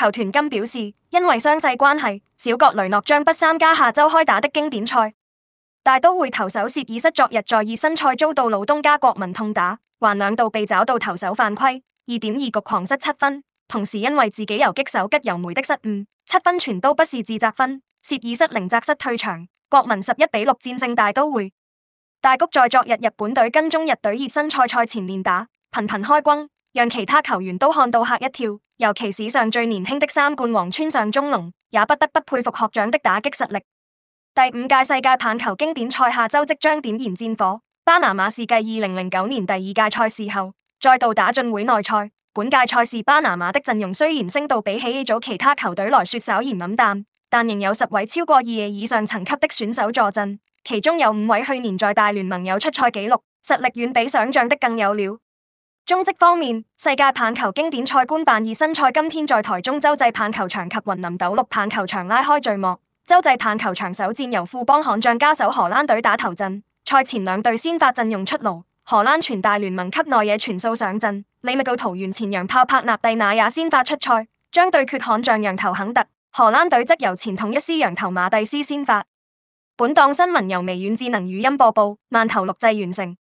球團今表示，因為傷勢關係，小國雷諾將不參加下周開打的經典賽。大都會投手薛爾失昨日在熱身賽遭到老東家國民痛打，還兩度被找到投手犯規，二點二局狂失七分。同時因為自己游擊手吉尤梅的失誤，七分全都不是自責分。薛爾失零責失退場，國民十一比六戰勝大都會。大谷在昨日日本隊跟中日隊熱身賽賽前練打，頻頻開轟。讓其他球員都看到嚇一跳，尤其史上最年輕的三冠王村上宗隆，也不得不佩服學長的打擊實力。第五屆世界棒球經典賽下周即將點燃戰火，巴拿馬是繼二零零九年第二屆賽事後，再度打進會內賽。本屆賽事巴拿馬的陣容雖然升到比起 A 組其他球隊來說稍嫌黯淡，但仍有十位超過二 A 以上層級的選手坐鎮，其中有五位去年在大聯盟有出賽紀錄，實力遠比想象的更有料。中職方面，世界棒球經典賽官辦熱身賽今天在台中洲際棒球場及雲林斗六棒球場拉開序幕。洲際棒球場首戰由富邦悍將加手荷蘭隊打頭陣，賽前兩隊先發陣容出爐，荷蘭全大聯盟級內野全數上陣，Lamigo 桃猿前洋炮帕納蒂那也先發出賽，將對決悍將洋投肯特。荷蘭隊則由前統一獅洋投馬蒂斯先發。本檔新聞由微軟智能語音播報，慢投錄製完成。